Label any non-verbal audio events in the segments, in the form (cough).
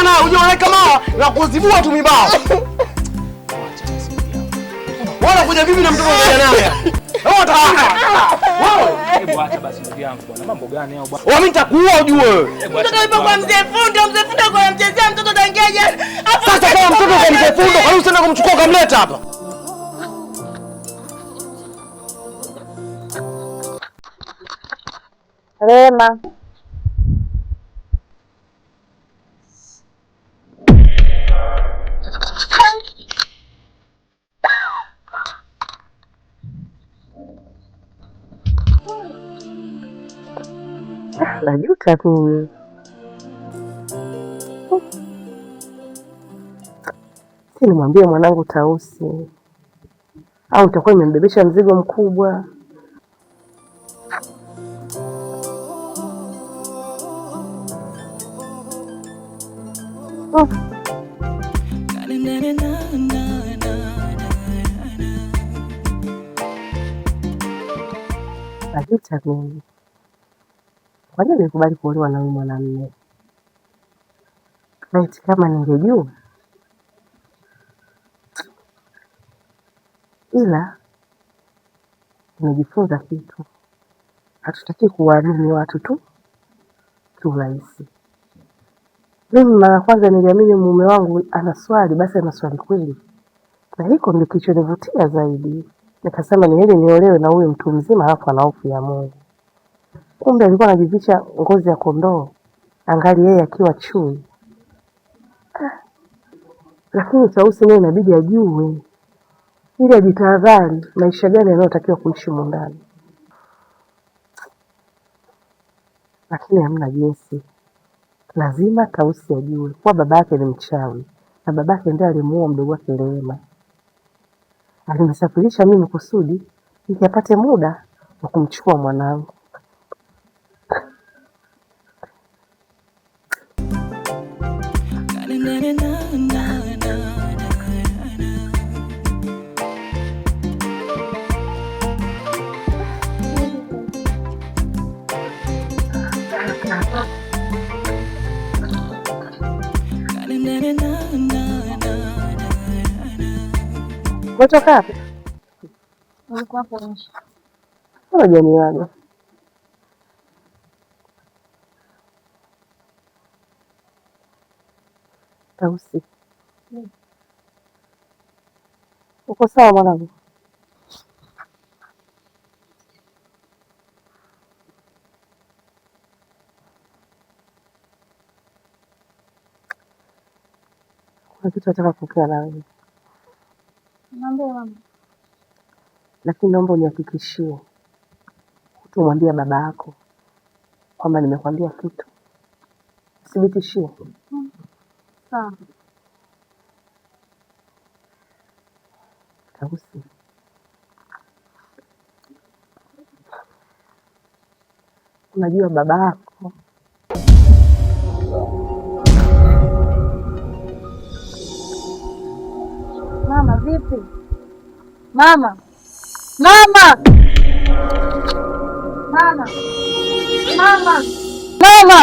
sana ujiweka mara na kuzibua tu mibao. Wala kuja bibi na mtoto mmoja naye. Wewe utawaka. Wewe hebu acha basi ndugu yangu bwana. Mambo gani hao bwana? Wewe nitakuua ujue wewe. Mtoto yupo kwa mzee fundo, mzee fundo kwa mchezea mtoto tangia Sasa kama mtoto kwa mzee fundo, kwa nini usiende kumchukua ukamleta hapa? Rema Ah, najuta nimwambie mwanangu Tausi au utakuwa imembebesha mzigo mkubwa. Oh. Najuta mimi Ngoja nikubali kuolewa na huyu mwanamume. Eti kama ningejua. Ila nimejifunza kitu, hatutaki kuwaamini watu tu kiurahisi. Mimi mara kwanza niliamini mume wangu anaswali basi anaswali kweli, na hiko ndio kilichonivutia zaidi. Nikasema niende niolewe na huyu mtu mzima, halafu ana hofu ya Mungu. Kumbe alikuwa anajivisha ngozi ya kondoo, angali yeye akiwa chui. Ah, lakini Tausi naye inabidi ajue ili ajitahadhari, maisha gani yanayotakiwa kuishi mundani. Lakini hamna jinsi, lazima Tausi ajue kuwa baba yake ni mchawi na baba yake ndiye alimuua mdogo wake Rehema. Alinisafirisha mimi kusudi nikapate muda wa kumchukua mwanangu. Umetoka wapi? Jamii wangu Tausi, mm. uko sawa mwanangu? kuna kitu nataka kuongea na wewe, lakini naomba unihakikishie hutomwambia baba yako kwamba nimekwambia kitu, sibitishie mm. Sawa. Tausi, unajua baba yako vipi? Mama, mama, mama, mama, mama, mama,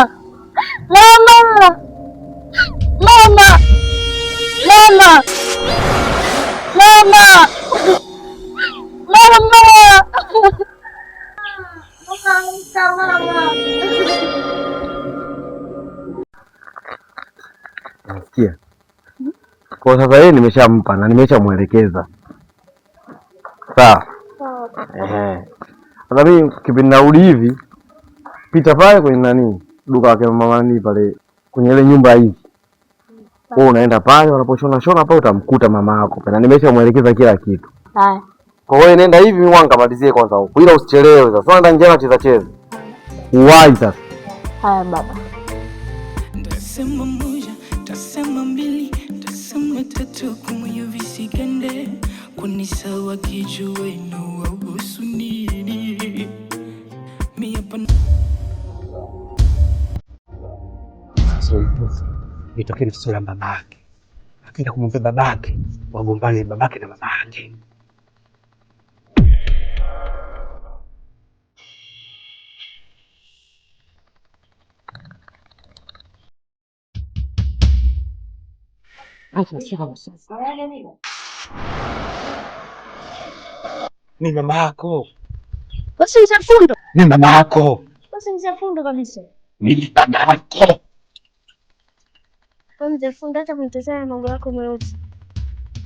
mama, mama, mama. Kwa sasa yeye nimeshampa na nimeshamwelekeza. Sawa. Ehe. Sasa mimi kipindi narudi hivi pita pale kwenye nani duka lake mama nani pale kwenye ile nyumba hivi. Mm. Wewe unaenda pale wanaposhona shona pale utamkuta mama yako. Na nimeshamwelekeza kila kitu. Haya. Kwa hiyo nenda hivi mimi wanga malizie kwanza huko. Ila usichelewe sasa. Sasa ndio njana cheza cheza. Uwai sasa. Haya baba. Tasema mmoja, tasema mbili bitatu kumuyoba isigane kunisawa kijuwe nuwa busuniri miyapana la babake, akaenda kumwambia babake, wagombane babake na babake Ni mama yako. Basi msafundo. Ni mama yako. Basi msafundo kabisa. Ni mama yako. Kwa mzafundo hata kumtazama mambo yako meusi.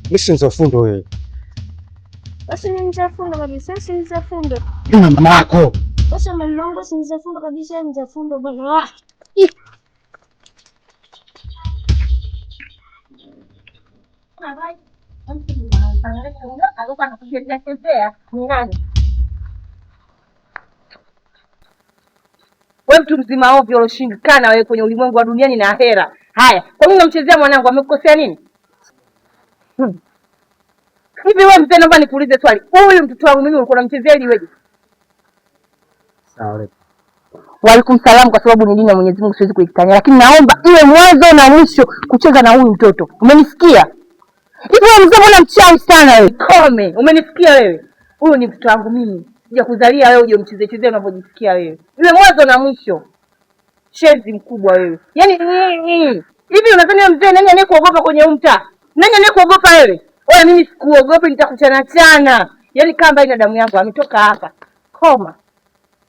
Mimi si mzafundo wewe. Basi ni mzafundo kabisa, si mzafundo. Ni mama yako. Basi malongo si mzafundo kabisa, mzafundo bwana. We mtu mzima ovyo, uloshindikana wewe kwenye ulimwengu wa duniani na ahera. Haya, kwa nini unamchezea mwanangu? Amekukosea nini hmm. hivi? We mzee, naomba nikuulize swali, huyu mtoto wangu mimi ulikuwa unamchezea ili weje? Waalaikum salaam, kwa sababu ni dini ya Mwenyezi Mungu siwezi kuikitania, lakini naomba iwe mwanzo na mwisho kucheza na huyu mtoto, umenisikia? Hivi mzee, mbona mchawi sana wewe? Kome, umenisikia wewe? Huyu ni mtoto wangu mimi, sija kuzalia wewe uje mcheze chezee unavyojisikia wewe. Yule mwanzo na mwisho, shezi mkubwa wewe. Yaani hivi unadhani mzee, nani anayekuogopa kwenye umta? Nani anayekuogopa wewe? Wewe mimi sikuogopi, nitakuchana chana. Yaani kamba ina damu yangu ametoka hapa. Koma.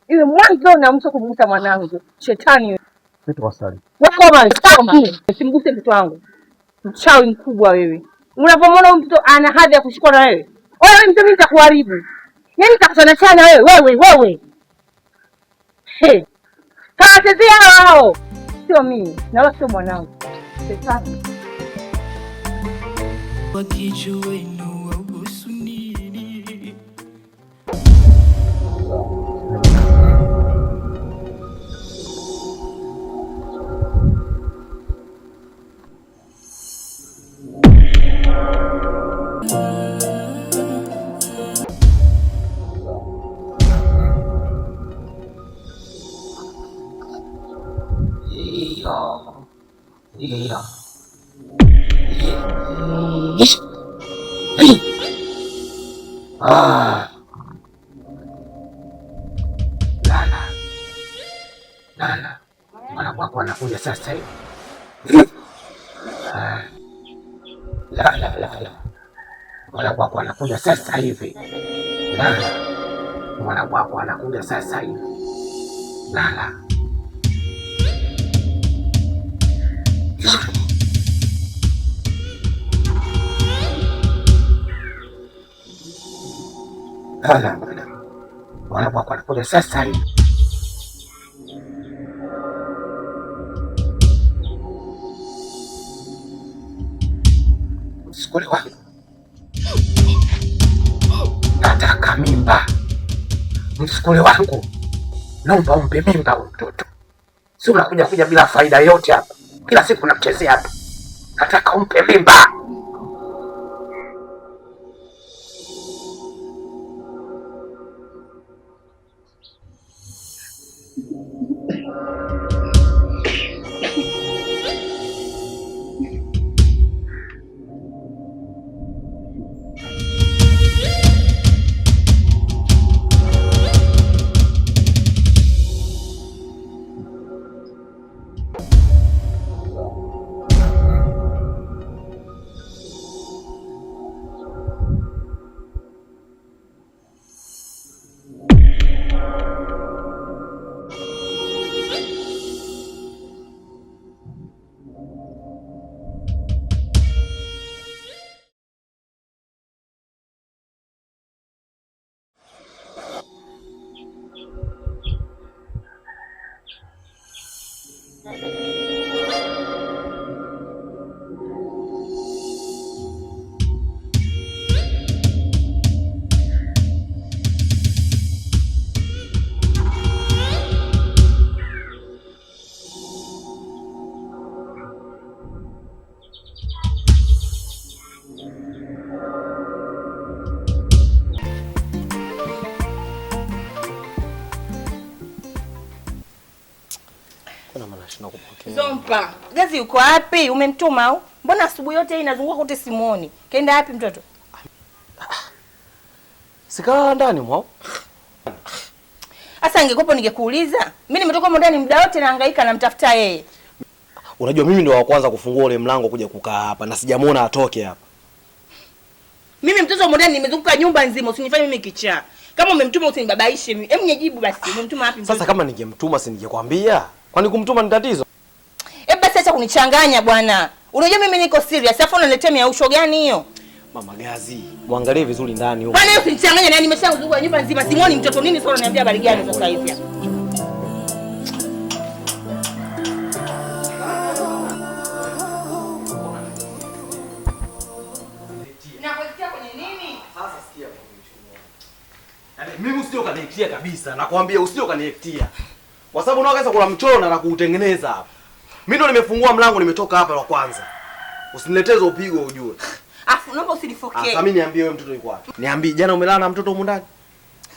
Iwe mwanzo na mwisho kumgusa mwanangu. Shetani wewe. Mtoto sali. Wakoma, koma. Simguse mtoto wangu. Mchawi mkubwa wewe. Unapomwona huyu mtoto ana hadhi ya kushikwa na wewe, wewe mtoto, mimi nitakuharibu, yaani nitakusana chana wewe wewe wewe. kawachezea hao sio mimi na wala sio mwanangu. Shetani. la la la, mwana wako anakuja sasa hivi. La la, mwana wako anakuja sasa hivi. La la, la la, mwana wako anakuja sasa hivi. msukule wangu, naomba umpe mimba huyu mtoto, si unakuja kuja bila faida yote hapa, kila siku unamchezea hapa, nataka umpe mimba. Gazi yuko wapi? Umemtuma au? Mbona asubuhi yote inazunguka kote simuoni. Kaenda wapi mtoto? Sikaa ndani mwao. Sasa ningekupo ningekuuliza. Mimi nimetoka huko ndani muda wote naangaika namtafuta yeye. Unajua mimi ndio wa kwanza kufungua ule mlango kuja kukaa hapa na sijamuona atoke hapa. Mimi mtoto wa ndani nimezunguka nyumba nzima, usinifanye mimi kichaa. Kama umemtuma usinibabaishe mimi. Hebu nijibu basi. Umemtuma wapi mtoto? Sasa kama ningemtuma si ningekwambia? Kwani kumtuma ni tatizo? Acha kunichanganya bwana. Unajua mimi niko serious. Alafu unaletea miausho gani hiyo? Mama Gazi, muangalie vizuri ndani huko. Bwana usinichanganye na nimeshazunguka nyumba nzima. Simoni mtoto nini sasa unaniambia habari gani sasa hivi? Yaani, mimi usije ukaniektia kabisa. Nakwambia usije ukaniektia. Kwa sababu unaweza kula mchoro na kuutengeneza hapa. Mimi ndo nimefungua mlango nimetoka hapa la kwanza. Usinileteze upigo ujue. Afu naomba usinifokee. Sasa mimi niambie wewe mtoto yuko wapi? Niambie jana umelala na mtoto huko ndani?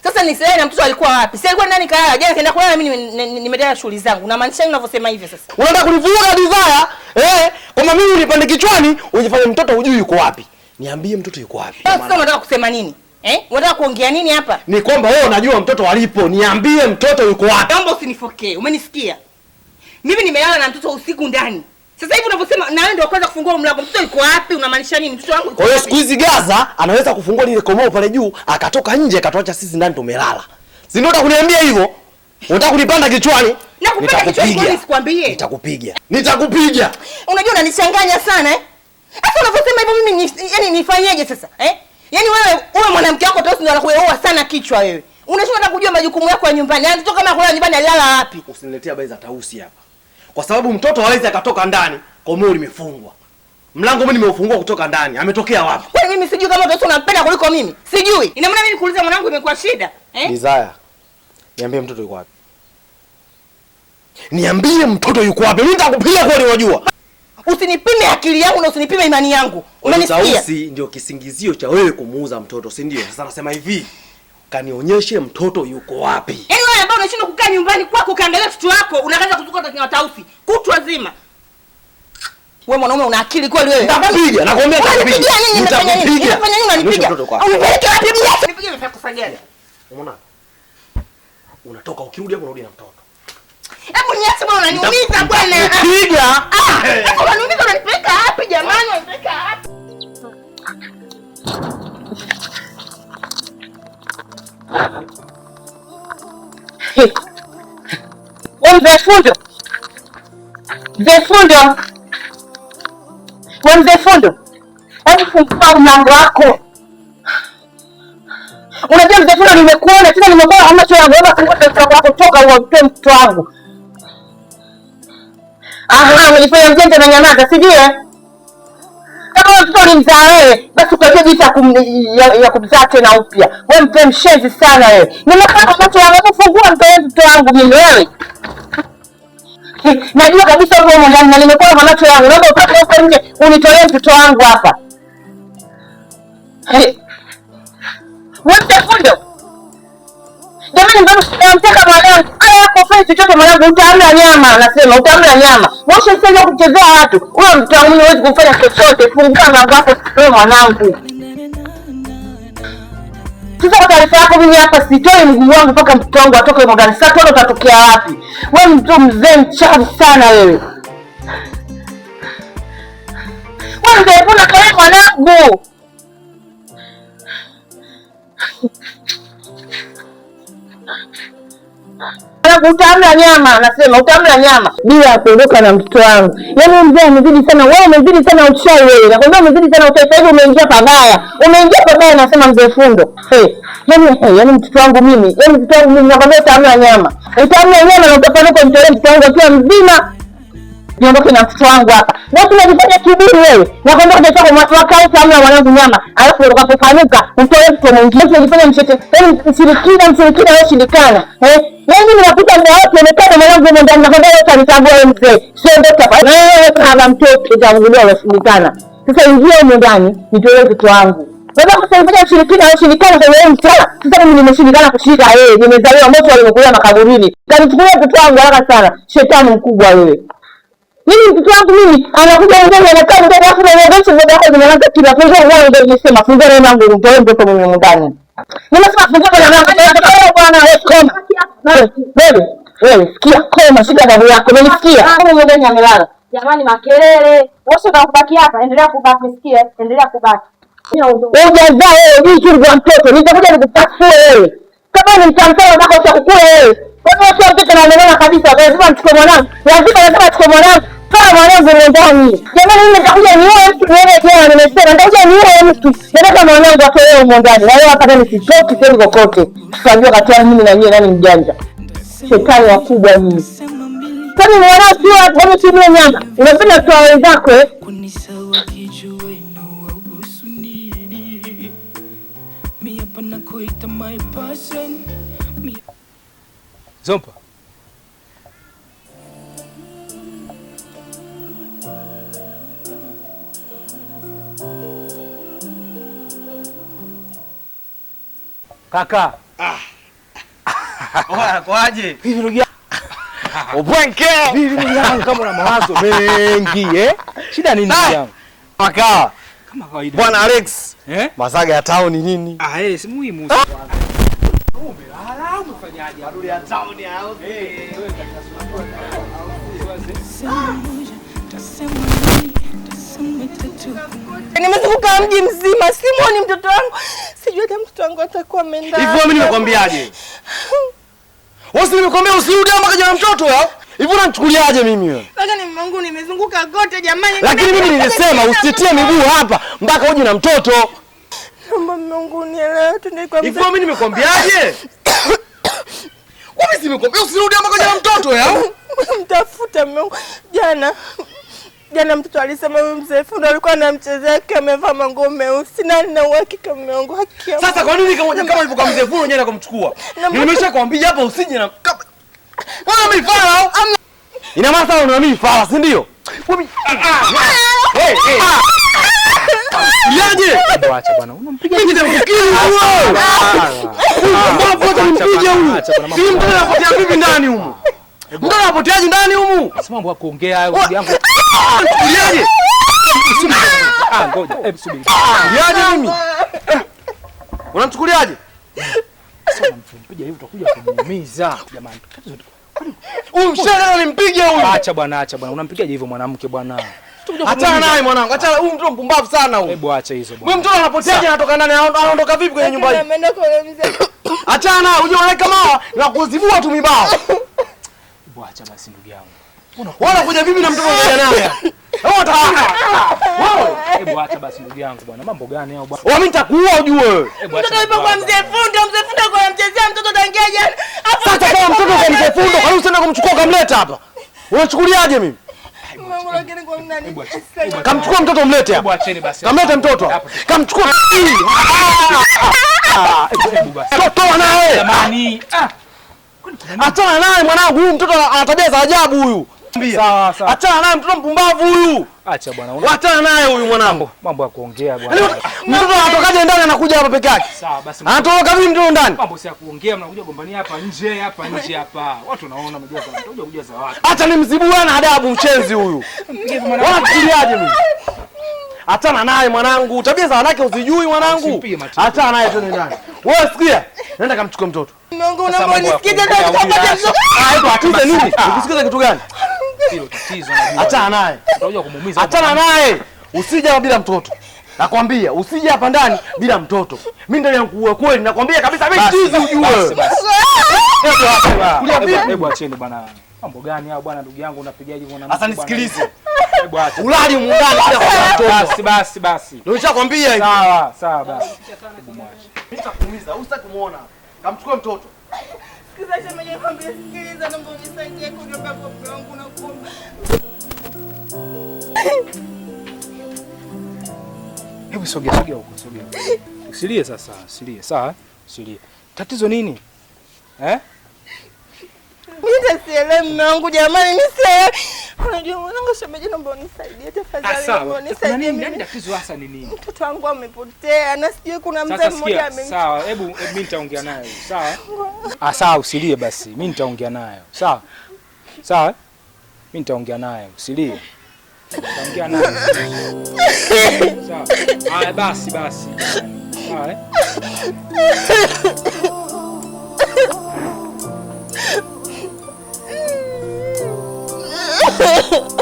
Sasa ni sasa na mtoto alikuwa wapi? Sasa alikuwa ndani kalala. Jana kaenda kulala mimi nimeendelea shughuli zangu. Na maanisha unavyosema hivyo sasa. Unataka kunivuruga divaya? Eh, kama mimi unipande kichwani unifanye mtoto hujui yuko wapi. Niambie mtoto yuko wapi? Eh, sasa unataka kusema nini? Eh? Unataka kuongea nini hapa? Ni kwamba wewe unajua mtoto alipo. Niambie mtoto yuko wapi? Naomba usinifokee. Umenisikia? Mimi nimelala na mtoto usiku ndani. Sasa hivi unavyosema na wewe ndio kwanza kufungua mlango. Mtoto yuko wapi? Unamaanisha nini? Mtoto wangu. yuko. Kwa hiyo siku hizi Gaza anaweza kufungua lile komao pale juu, akatoka nje akatuacha sisi ndani tumelala. Si ndio utakuniambia hivyo? Unataka kunipanda kichwani? Nakupanda kichwani kwa nini sikwambie. Nitakupiga. Nitakupiga. Unajua unanichanganya sana eh? Hata unavyosema hivyo mimi yani nifanyeje sasa eh? Yaani wewe wewe mwanamke wako tosi ndio anakuoa sana kichwa wewe. Unashinda kujua majukumu yako ya nyumbani. Anatoka kama kwa nyumbani alilala wapi? Usiniletea habari za tausi hapa kwa sababu mtoto hawezi akatoka ndani kwa moyo limefungwa. Mlango mimi nimeufungua kutoka ndani. Ametokea wapi? Kwani mimi sijui kama mtoto unampenda kuliko mimi. Sijui. Ina maana mimi kuuliza mwanangu imekuwa shida, eh? Desire. Niambie mtoto yuko wapi? Niambie mtoto yuko wapi? Mimi nitakupiga kwa unajua. Usinipime akili yangu na usinipime imani yangu. Unanisikia? ndio kisingizio cha wewe kumuuza mtoto, si ndio? Sasa nasema hivi kanionyeshe mtoto yuko wapi. Yaani wewe ambaye unashindwa kukaa nyumbani kwako ukaangalia mtoto wako unaanza kuzuka kwa kinywa tausi kutwa zima. Wewe mwanaume una akili kweli wewe? Nitakupiga, nakwambia nitakupiga. Nitafanya nini? Nitafanya nini unanipiga? Au nipeleke wapi mimi? Nipige nitakufa gani? Umeona? Unatoka ukirudi hapo unarudi na mtoto. Hebu nyasi bwana, unaniumiza bwana. Piga. Ah, unaniumiza unanipeleka Fundo, mzee Fundo, we mzee Fundo, hebu fungua mlango wako. Unajua mzee Fundo, nimekuona tena, nimekuona hamna chochote. Fungua wako, toka uamtoe mtoto wangu. Aha, umejifanya mjanja na nyamaza, si ndio? Kama mtoto ulimzaa wewe, basi utajua jinsi ya kumzaa tena upya. We mpe mshenzi sana wewe. Nimekuona mtoto wangu, fungua mtoto wangu mimi wewe (laughs) najua kabisa huko ndani na nimekuwa na macho yangu, naomba utoke huko nje unitolee mtoto wangu hapa. Eh. Wote fundo. Jamani mbona eh, mtaka mwanangu? Kaa hapo fanya chochote mwanangu, utaamla nyama anasema, utaamla nyama. Mwisho sasa kuchezea watu. Wewe mtaamini huwezi kufanya chochote. Funga mlango wako wewe mwanangu. Sasa kwa taarifa yako, mimi hapa sitoi mguu wangu mpaka mtoto wangu atoke mwagani. Sasa tuone utatokea wapi? Wewe mtu mzee mchafu sana wewe. Wewe utaipuna kale mwanangu utamla nyama, nasema utamla nyama bila ya kuondoka na mtoto wangu. Yaani mzee amezidi sana, wewe umezidi sana uchawi wewe. Nakwambia umezidi sana uchawi, sasa hivi umeingia pabaya, umeingia pabaya, nasema mzee Fundo. Hey, yaani hey, yaani mtoto wangu mimi, yaani mtoto wangu mimi, nakwambia utamla nyama, utamla nyama na utapanuka mtoto wangu akiwa mzima niondoke na mtoto wangu hapa. Na unajifanya kiburi wewe. Na kwamba ndio chako wakae kama mwanangu nyama, alafu ndio utakapopanuka mtoe mtu mwingine. unajifanya mshete. Yaani msirikina msirikina wewe shindikana. Eh? Yaani ninakuta muda wote nimekana mwanangu mwenye ndani na kwamba wewe utanitambua wewe mzee. Sio ndoto hapa. Na wewe kama mtoto utaangulia unashindikana. Sasa ingia huko ndani, nitoe mtoto wangu. Baba kwa sababu ya ushirikina au shirikana kwa wewe mtana. Sasa mimi nimeshindikana kushika yeye, eh, nimezaliwa moto alimekuwa makaburini. Kanichukulia mtoto wangu haraka sana. Shetani mkubwa wewe. Mimi mtoto wangu mimi anakuja mgeni anakaa mgeni afu anaanza kucheza dako zinaanza kila funzo mwanangu ndio nimesema funzo la mwanangu ndio ndio kwa mume ndani. Nimesema funzo la mwanangu wewe bwana wewe koma. Wewe wewe sikia koma sika babu yako mimi Kama mume amelala. Jamani makelele. Wewe ndio kubaki hapa endelea kubaki sikia endelea kubaki. Wewe wewe ni kitu kwa mtoto nitakuja nikupasue wewe kama ni mtamsao unataka utakukula wewe. Kwa hiyo sio mtoto anaelewana kabisa. Lazima nichukue mwanangu. Lazima lazima nichukue mwanangu. Toa mwanangu ndani. Jamani mimi nitakuja niue mtu nione tena nimesema nitakuja niue mtu. Nataka mwanangu atoe huko ndani. Na leo hapa ndani sitoki sehemu kokote. Tutajua kati ya mimi na nyie nani mjanja. Shetani wakubwa mimi. Kwani mwanangu sio watu wa timu Unapenda kwa wenzako eh? with my passion. Zompa. Kaka. Ah. Oa, kwaje? (laughs) Hivi ndugu Ubwenke. Hivi ndugu yangu kama una mawazo (laughs) mengi eh? Shida nini ndugu yangu? Kaka. Kama kawaida. Bwana Alex. Eh? Mazaga ya town ni nini? Ah, eh, si muhimu sana. Ah! Umelala eh, umefanyaje? Marudi ya tao ni nimezunguka mji mzima, simuoni mtoto wangu, sijui hata mtoto wangu atakuwa ameenda. Hivi mimi nimekwambiaje? Wewe nimekuambia usirudi ama kaja na mtoto yao? Eh? Hivi unanichukuliaje mimi wewe? Lakini mume wangu nimezunguka kote jamani. Lakini mimi nilisema usitie miguu hapa mpaka uje na mtoto. Mume wangu nielewe tunikwambia. Hivi mimi nimekwambiaje? Kwa mimi nimekwambia usirudi hapa na mtoto ya? Mtafuta Mungu Jana jana mtoto alisema huyu mzee Fundo alikuwa anamchezea akiwa amevaa manguo meusi na nina uhakika Mungu wangu hakia. Sasa kwa nini kama kama alivyokuwa mzee Fundo yeye anakumchukua? Nimeshakwambia hapa usije na wewe mi au? Ina maana sasa unaamini fala, si ndio? Ah, ah. Yaje? Ah. Acha bwana. Unampiga mimi huyo. Si anapotea vipi ndani humu? ndani humu? Si mambo ya kuongea hayo ndugu yangu. Yaje? Ah, ngoja. Hebu eh, subiri. Yaje mimi? Unamchukuliaje? Sasa mpiga hivi utakuja kumuumiza. Jamani. Huyu mshana alimpiga huyu. Acha bwana, acha bwana. Unampigaje hivyo mwanamke bwana? Achana naye mwanangu. Acha huyu mtoto mpumbavu sana huyu. Hebu acha hizo bwana. Huyu mtoto anapoteaje anatoka nani? Anaondoka vipi kwenye nyumba hii? Ameenda Achana, unajua wewe kama na kuzivua tu mibao. Hebu acha basi ndugu yangu. Wala kuja mimi na mtoto mmoja naye. Wewe utaona. Wewe, hebu acha basi ndugu yangu bwana. Mambo gani hao bwana? Wewe mimi nitakuua ujue wewe. Mtoto yupo kwa mzee fundi, mzee fundi kwa mchezea mtoto tangia jana. Hapo sasa kama mtoto kwa mzee fundi, kwa nini usiende kumchukua ukamleta hapa? Unachukuliaje mimi? Kamchukua mtoto mlete hapa. Kamlete mtoto. Kamchukua. Ah, toa naye. Jamani. Achana naye mwanangu, huyu mtoto ana tabia za ajabu huyu. Achana naye mtoto mpumbavu huyu. Acha bwana. Wachana naye huyu mwanangu. Mambo ya kuongea bwana. Yaani, mtoto anatokaje ndani anakuja hapa peke yake? Sawa basi. Anatoka vipi mtoto ndani? Mambo si ya kuongea, mnakuja gombania hapa nje, hapa nje hapa. Watu naona mjua sana. mtoto kuja za watu. Acha nimzibu bwana adabu mchenzi huyu. kiliaje mimi? Achana naye mwanangu. Tabia za wanawake uzijui mwanangu. Achana naye tu ndani. Wewe sikia. Nenda kamchukue mtoto. Mungu, unaona nisikie tena tutakapata Ah, hapo atuze nini? Ah. Ukisikiza kitu gani? Hilo tatizo najua. Achana naye. Utakuja kumuumiza. Achana naye. Usije hapa bila mtoto. Nakwambia usije hapa ndani bila mtoto. Mimi ndio nakuua kweli, nakwambia kabisa mimi chizi ujue. Hebu acheni bwana. Mambo gani hao bwana, ndugu yangu unapigaje mwana? Sasa nisikilize. Hebu acha. Ulali muungane bila kwa mtoto. Basi basi basi. Ndio nishakwambia hivi. Sawa, sawa basi. Nitakuumiza, usitaki kumuona. Kamchukue mtoto. Hebu sogea sogea huko, sogea. Usilie sasa, usilie. Sawa? Usilie. Tatizo nini? Eh? Mimi sielewi mwanangu jamani, mimi sielewi. Unajua mwanangu, shemeji, naomba unisaidie tafadhali, ah, yaani Tatizo hasa ni nini? Mtoto wangu amepotea na sijui kuna mzee mmoja ame. Sawa, hebu mimi nitaongea naye. Sawa. (laughs) Ah, sawa, usilie basi. Mimi nitaongea naye. Sawa. Sawa? Mimi nitaongea naye. Usilie. Nitaongea naye. Sawa. Haya basi basi. Sawa eh? (laughs) 呵呵。